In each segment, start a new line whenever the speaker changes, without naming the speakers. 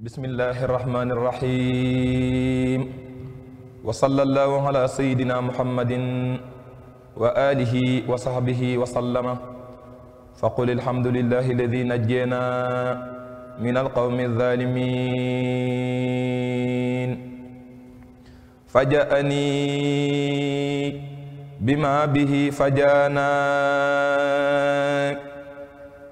bismillahi irrahmani irrahim wa sallallahu ala sayidina muhammadin wa alihi wa sahbihi wa sallama faqul alhamdulillahi alladi najjana min alqawmi alzalimin fajaani bima bihi fajana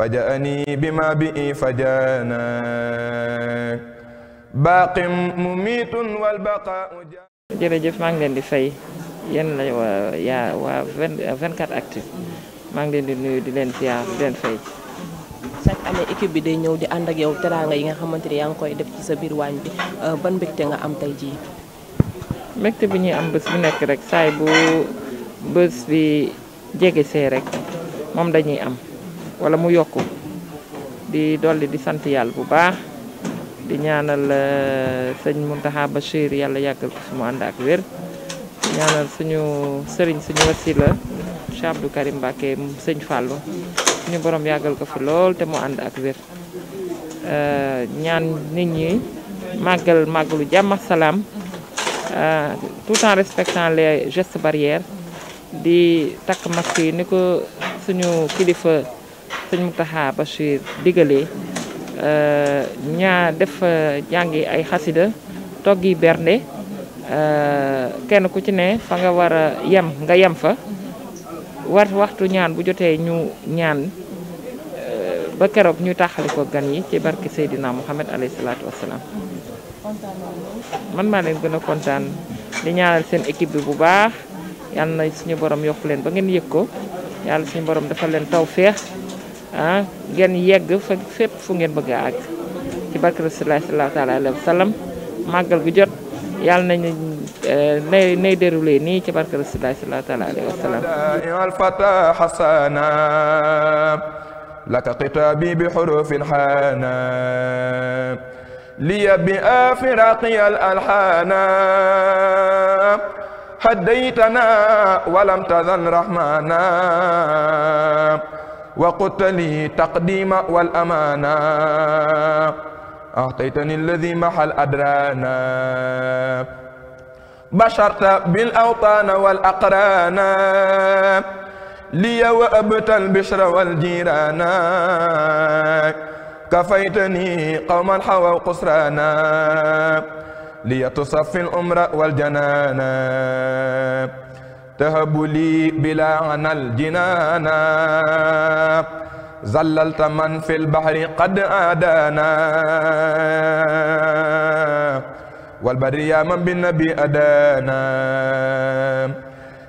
فجأني بما به فجاناك
باق مميت والبقاء jërëjëf maa ngi leen di fay yéen la waa waa 24 actu maa ngi leen di nuyu di leen ziar di leen fay. chaque année équipe bi day ñëw di ànd ak yow teraanga yi nga xamante ni yaa ngi koy def ci sa biir waañ bi euh, ban mbégte nga am tey jii. mbégte bi ñuy am bés bu nekk rek saay bu bés bi jege see rek moom dañuy am. wala mu yokk di dolli di sant yàlla bu baax di ñaanal euh, sëñ Muntaxa Bachir yàlla yàggal ko sumu ànd ak wér ñaanal suñu sëriñ suñu wasila Cheikh Abdou Karim Mbacké sëñ Fallou suñu borom yàggal ko fi lool te mu ànd ak wér euh, ñaan nit ñi màggal màggalu jàmm ak salaam euh, tout en respectant les gestes barrières di takk masque yi ni ko suñu kilifa sëñ ba Bachir digalee euh, ñaa def euh, jàngi ay xasida yi bernde euh, kenn ku ci ne fa nga war a yam nga yem fa war waxtu ñaan bu jotee ñu ñaan ba keroog ñu taxali ko gan yi ci barke Seydina Muhammad alayhi salaatu wassalaam man maa leen gën a kontaan di ñaanal seen équipe bi bu baax yàlla na suñu borom yokku leen ba ngeen yëg ko yàlla suñu borom dafa leen taw feex ah ngeen yegg fa fépp fu ngeen bëgg a àgg ci barke Rasulullah sallallahu taala alayhi wa sallam màggal gu jot yàlla nañu eh, nay nay déroulé nii ci barke Rasulullah sallallahu taala alayhi wa sallam
alfata xasana laka xitaabi bi xurufin xaana liya bi afiraqiya al alxaana haddaytana walam tazal rahmana وقت لي تقديم والأمانة أعطيتني الذي محل أدرانا بشرت بالأوطان والأقران لي وأبت البشر والجيران كفيتني قوما حووا قسرانا لي تصفي الأمر والجنانا تهب لي بلا عنا الجنانا زللت من في البحر قد آدانا والبر يا من بالنبي أدانا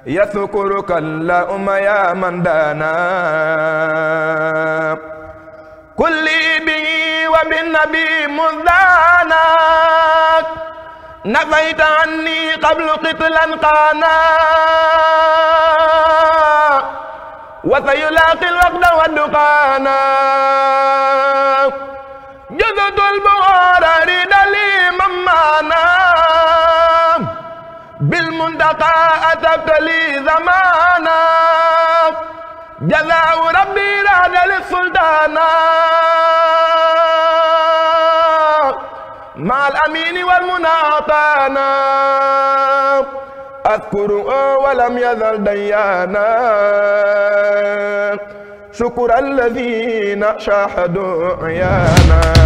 يذكرك اللهم يا من دانا
كل به وبالنبي مزدانا نفيت عني قبل قتلا قانا وسيلاقي الوقت والدقانا جذت البغار رد لي ممانا بالمنتقى أتبت لي زمانا جزاء ربي راد للسلطانا
مع الأمين والمناطانا
أذكره ولم يزل ديانا شكر
الذين شاهدوا عيانا